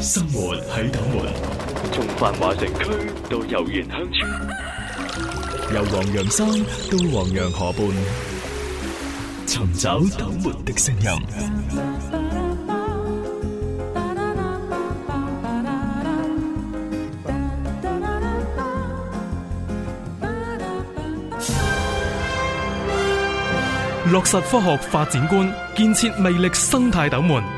生活喺斗門，從繁華城區到悠然鄉村，由黃楊山到黃楊河畔，尋找斗門的聲音。落實科學發展觀，建設魅力生態斗門。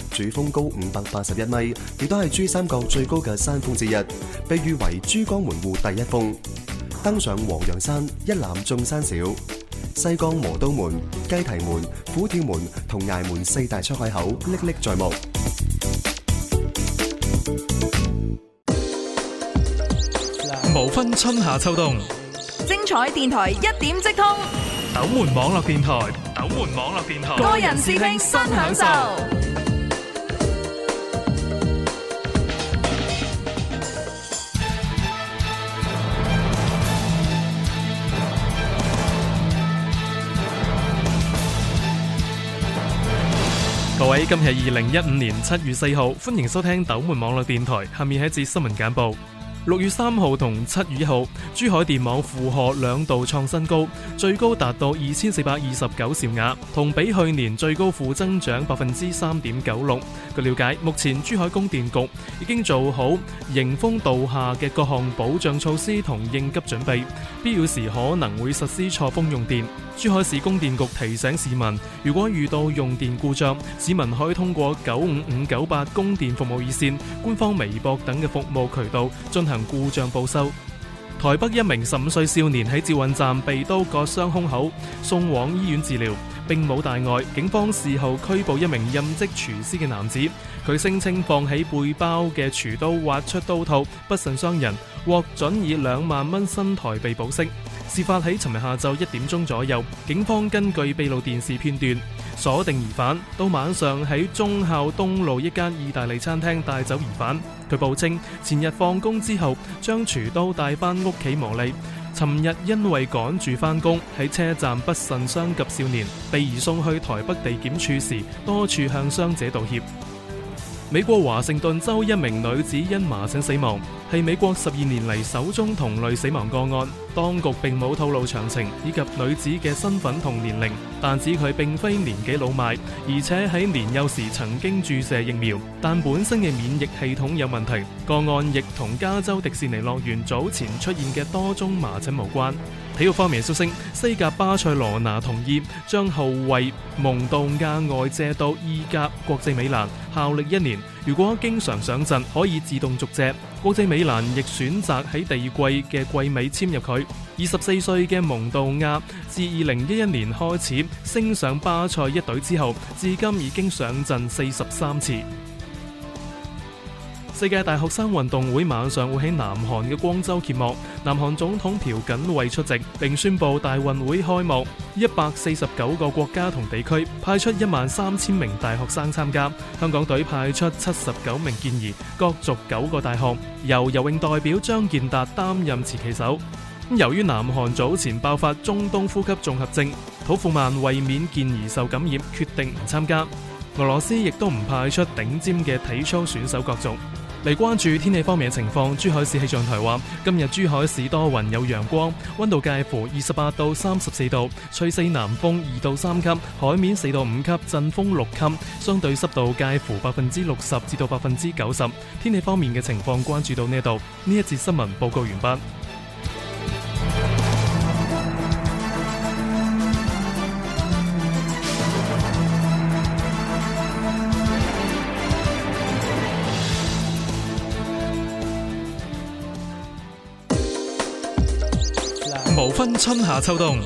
主峰高五百八十一米，亦都係珠三角最高嘅山峰之一，被譽為珠江門戶第一峰。登上黃楊山，一覽眾山小。西江磨刀門、雞啼門、虎跳門同崖門四大出海口歷歷在目。無分春夏秋冬，精彩電台一點即通。斗門網絡電台，斗門網絡電台，個人視聽新享受。今日係二零一五年七月四號，歡迎收聽斗門網絡電台。下面係一節新聞簡報。六月三號同七月一號，珠海電網負荷兩度創新高，最高達到二千四百二十九兆瓦，同比去年最高負增長百分之三點九六。據了解，目前珠海供電局已經做好迎峰度夏嘅各項保障措施同應急準備。必要時可能會實施錯峰用電。珠海市供電局提醒市民，如果遇到用電故障，市民可以通過九五五九八供電服務熱線、官方微博等嘅服務渠道進行故障報修。台北一名十五歲少年喺捷運站被刀割傷胸口，送往醫院治療，並冇大礙。警方事後拘捕一名任職廚師嘅男子，佢聲稱放喺背包嘅廚刀挖出刀套，不慎傷人。獲准以兩萬蚊新台幣保釋。事發喺尋日下晝一點鐘左右，警方根據閉路電視片段鎖定疑犯，到晚上喺忠孝東路一間意大利餐廳帶走疑犯。佢報稱前日放工之後將廚刀帶翻屋企磨利，尋日因為趕住翻工喺車站不慎傷及少年，被移送去台北地檢處時多處向傷者道歉。美國華盛頓州一名女子因麻疹死亡。係美國十二年嚟首宗同類死亡個案，當局並冇透露詳情以及女子嘅身份同年齡，但指佢並非年紀老邁，而且喺年幼時曾經注射疫苗，但本身嘅免疫系統有問題。個案亦同加州迪士尼樂園早前出現嘅多宗麻疹無關。體育方面消息，西甲巴塞羅那同意將後衛蒙杜亞外借到意甲國際米蘭，效力一年。如果經常上陣，可以自動續借。國際米蘭亦選擇喺第二季嘅季尾簽入佢。二十四歲嘅蒙道亞自二零一一年開始升上巴塞一隊之後，至今已經上陣四十三次。世界大學生運動會晚上會喺南韓嘅光州揭幕，南韓總統朴槿惠出席並宣布大運會開幕。一百四十九個國家同地區派出一萬三千名大學生參加，香港隊派出七十九名健兒，角逐九個大學，由游泳代表張健達擔任持旗手。由於南韓早前爆發中東呼吸綜合症，土庫曼為免健兒受感染，決定唔參加。俄羅斯亦都唔派出頂尖嘅體操選手角逐。嚟關注天氣方面嘅情況，珠海市氣象台話今日珠海市多雲有陽光，溫度介乎二十八到三十四度，吹西南風二到三級，海面四到五級，陣風六級，相對濕度介乎百分之六十至到百分之九十。天氣方面嘅情況關注到呢一度，呢一節新聞報告完畢。無分春夏秋冬，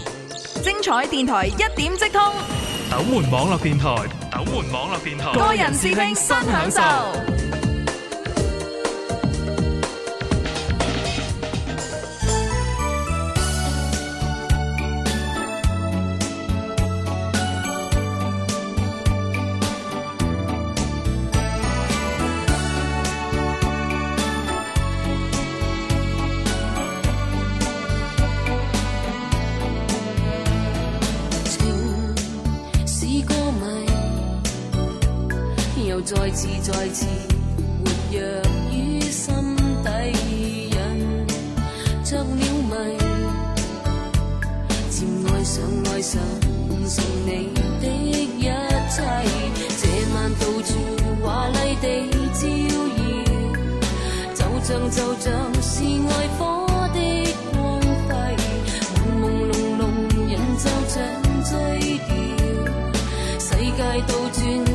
精彩電台一點即通，斗門網絡電台，斗門網絡電台，個人視聽新享受。再次，再次，活躍於心底，人着了迷，漸愛上，愛上，上，送你的一切。這晚到處華麗地照耀，就像，就像是愛火的光輝，朦朦朧朧，人就像醉掉，世界倒轉。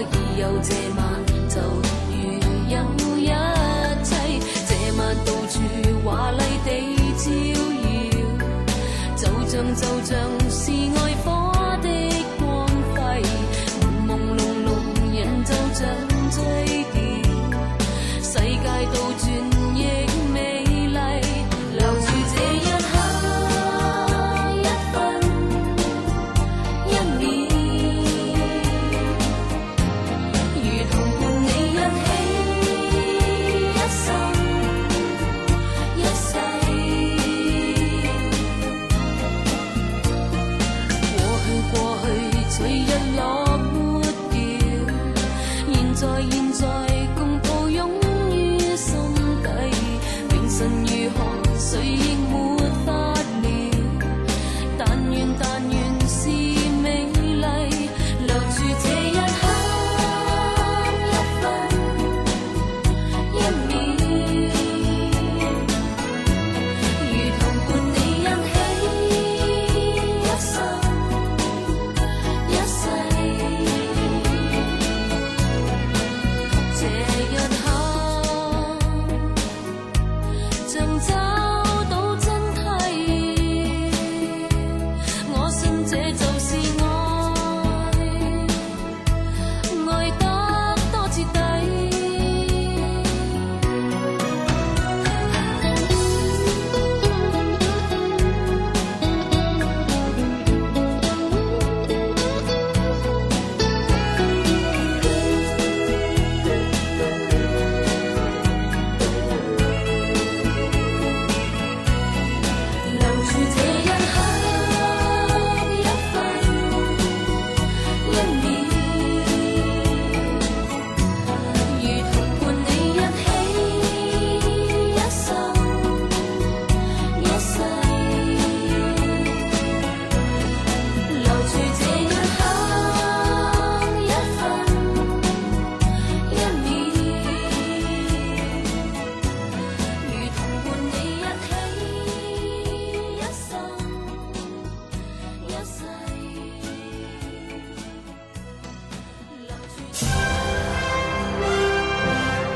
可以有這晚，就如有一切，這晚到處華麗地照耀，就像就像是愛火的光輝，朦朦朧朧人就像醉。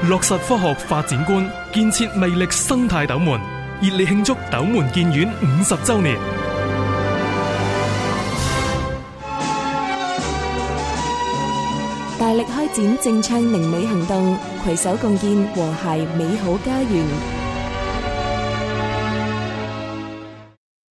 落實科學發展觀，建設魅力生態斗門，熱烈慶祝斗門建縣五十周年，大力開展淨暢寧美行動，攜手共建和諧美好家園。